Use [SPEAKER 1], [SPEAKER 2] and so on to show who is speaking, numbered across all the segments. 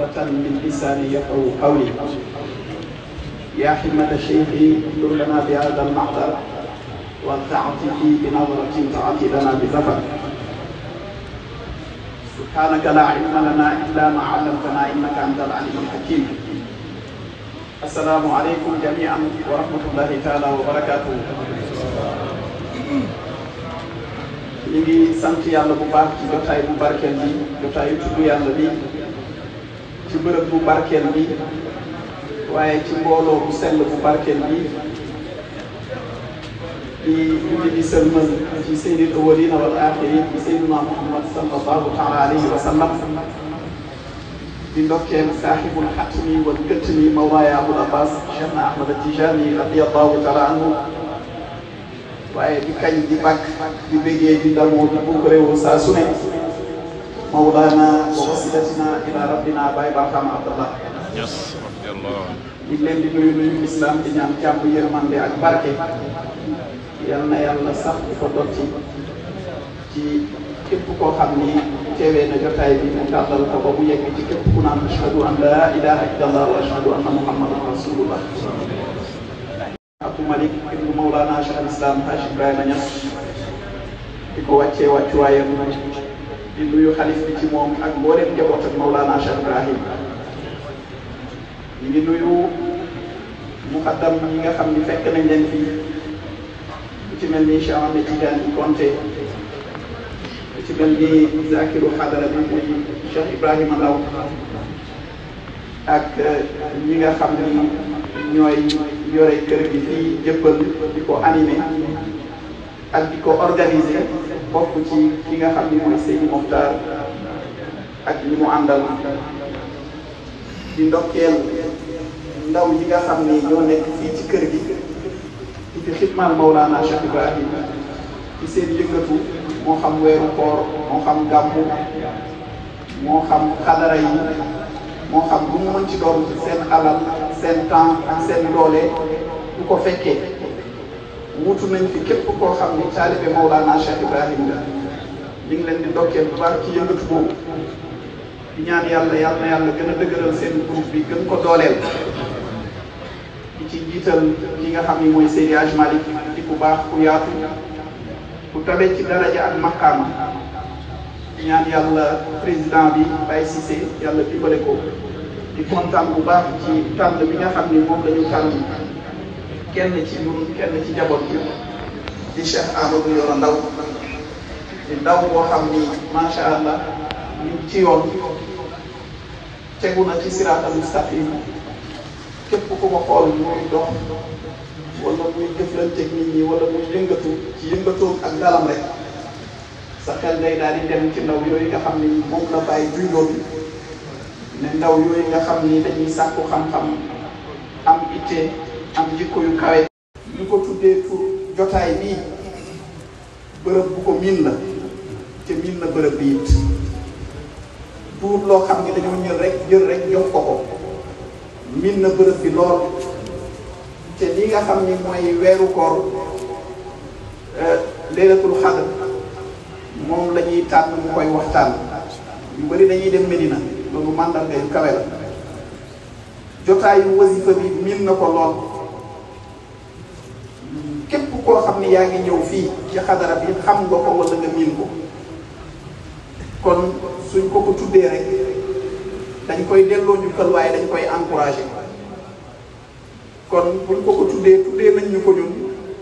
[SPEAKER 1] عقدة من لسان يقرأ قولي يا حمة شيخي انظر لنا بهذا المحضر وتعطفي بنظرة تعطي لنا بذفر سبحانك لا علم لنا إلا ما علمتنا إنك أنت العليم الحكيم السلام عليكم جميعا ورحمة الله تعالى وبركاته ñu ngi sant yàlla bu baax ci jotaay bu barkeel bi jotaayu tudd yàlla bi ci bërëb bu barkeel bi waaye ci mbooloo bu sell bu barkeel bi di julli di sëlmal ci seydil awalina wal axirin ci seydina muhammad sallallahu taala alayhi wa sallam di ndokkeel saaxibul xatmi wal gëttmi mawlaaya abul abbas cheikh ahmad atijani radiallahu taala anhu waaye di kañ di bàkk di bégee di damoo di buukarewu saa su ne مولانا ووسيلتنا إلى ربنا باي برحمة عبد الله ñu ngi leen di nuyu nuyu islam di ñaan jàmm yërmande ak barke yal na yàlla sax di ko dog ci ci képp koo xam ni teewee na jotaay bi mu tàddal ko ba mu ci képp ku naan ashhadu an la ilaha illallah wa ashhadu anna muhammadan rasulullah Abdou Malick ibnu Mawlana Cheikh al Islam Haj Ibrahima Niass di ko wàccee wàccuwaayam di nuyu xalif bi ci moom ak mbooleem njaboot ak Mawlana Cheikh Ibrahim ñu ngi nuyu muqaddam ñi nga xam ni fekk nañ leen fii ci mel ni Cheikh Ahmed Tidiane Konté ku ci mel ni Zakiru Xadara bi muy Cheikh Ibrahima Ndaw ak euh, nga xam ni ñooy yore kër gi fii jëppal di ko animé ak di ko organise bokk ci ki nga xam ni mooy Seydi Mokhtar ak ñi mu àndal di ndokkeel ndaw yi nga xam ni ñoo nekk fii ci kër gi ci seen yëngatu moo xam weeru koor moo xam gàmmu moo xam xadara yi moo xam bu mu mën ci doon seen alal seen temps ak seen doole du ko fekkee wuutu nañ fi képp ko xam ni taalibe Mawlana Cheikh Ibrahim la ñu ngi leen di dokkeel bu baax ci yëngatu boobu di ñaan yàlla yàlla yàlla gën a dëgëral seen groupe bi gën ko dooleel di ci jiital ki nga xam ni mooy Seydi Hadj Malick di ku baax ku yaatu ku tabe ci daraja ak maqaama di ñaan yàlla président bi Baye Cissé yàlla dimbale ko di kontaan bu baax ci tànn bi nga xam ni moom la ñu tànn kenn ci ñun kenn ci njaboot bi di Cheikh Amadou Yoro Ndaw di ndaw boo xam ni macha allah ñu ci yoon tegu na ci siraatal mustaqim képp ku ko xool muy dox wala muy jëflanteeg nit ñi wala muy yëngatu ci yëngatoom ak dalam rek sa xel day daal di dem ci ndaw yooyu nga xam ni moom la bàyyi junjoon ne ndaw yooyu nga xam ni dañuy sàkku xam-xam am ittee. am jikko ko tuddee pour jotaay bii bërëb bu ko miin la te miin na bërëb bi it duur loo xam ne dañoo jël rek jox ko ko miin na bërëb bi lool te li nga xam ni mooy weeru koor eh, leeratul la ñuy tànn waxtaan yu bëri dañuy dem Medina loolu màndarga yu kawe la jotaayu wasifa bi miin na ko lool koo xam ni yaa ngi ñëw fii ci xadara bi xam nga ko wala nga miin ko kon suñ ko ko tuddee rek dañ koy delloo ñu waaye dañ koy encouragé kon buñ ko ko tuddee tuddee nañ ñu ko ñun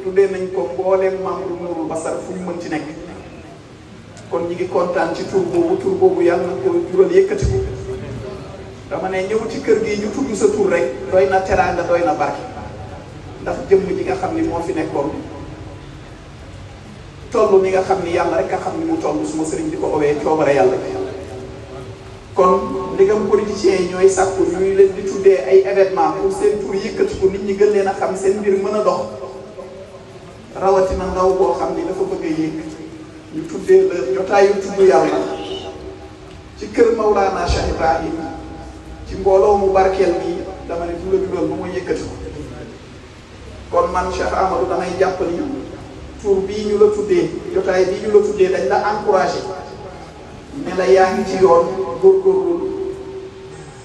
[SPEAKER 1] tuddee nañ ko mbooleem membre Nuurul Basar fu ñu mën ci nekk kon ñu ngi kontaan ci tur boobu tur boobu yàlla na ko jural yëkkati ko dama ne ñëw ci kër gi ñu tudd sa tur rek doy na teraanga doy na barke ndax jëmm ji nga xam ni moo fi nekkoon toll ni nga xam ni yàlla rek nga xam ni mu su ma sëriñ di ko owee coobare yàlla nga yàlla kon ndegam politiciens yi ñooy sàkku ñuy leen di tuddee ay événement pour seen tur yëkkati ko nit ñi gën leen a xam seen mbir mën a dox rawatina ndaw boo xam ni dafa bëgg a yëg ñu tuddee la jotaayu tudd yàlla ci kër Maulana Cheikh Ibrahim ci mbooloo mu barkeel nii dama ne du la ba mu yëkkati ko kon man Cheikh damay jàpp ni pour bii ñu la tuddee jotaay bi ñu la tuddee dañ la encouragé ne la yaa ngi ci yoon góorgóorlu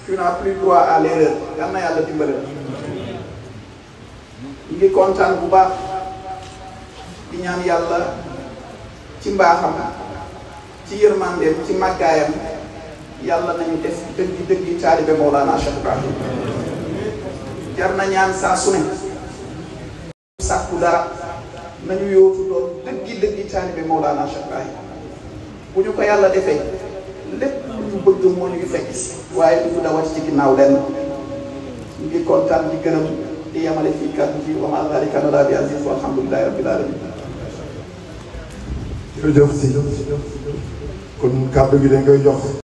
[SPEAKER 1] tu n'as plus droit à l'erreur yal na yàlla dimbale ñu ngi kontaan bu baax di ñaan yàlla ci mbaaxam ci yërmandeem ci màggaayam yàlla nañu def dëgg dëgg taalibe Mawlana Cheikh Ibrahim jar na ñaan saa su ne sàkku dara nañu yootu doon dëggi dëggi taalibe Mawlana Cheikh Ibrahim bu ñu ko yàlla defee lépp lu ñu bëgg moo ñuy fekk waaye du ñu dawati ci ginnaaw lenn ñu ngi kontaan di gërëm di yemale fii kàddu bi wa maa zaalika alallaahi bi aziiz walhamdulillaahi rabbil aalamiin jërëjëf si kon kàddu gi dañ koy jox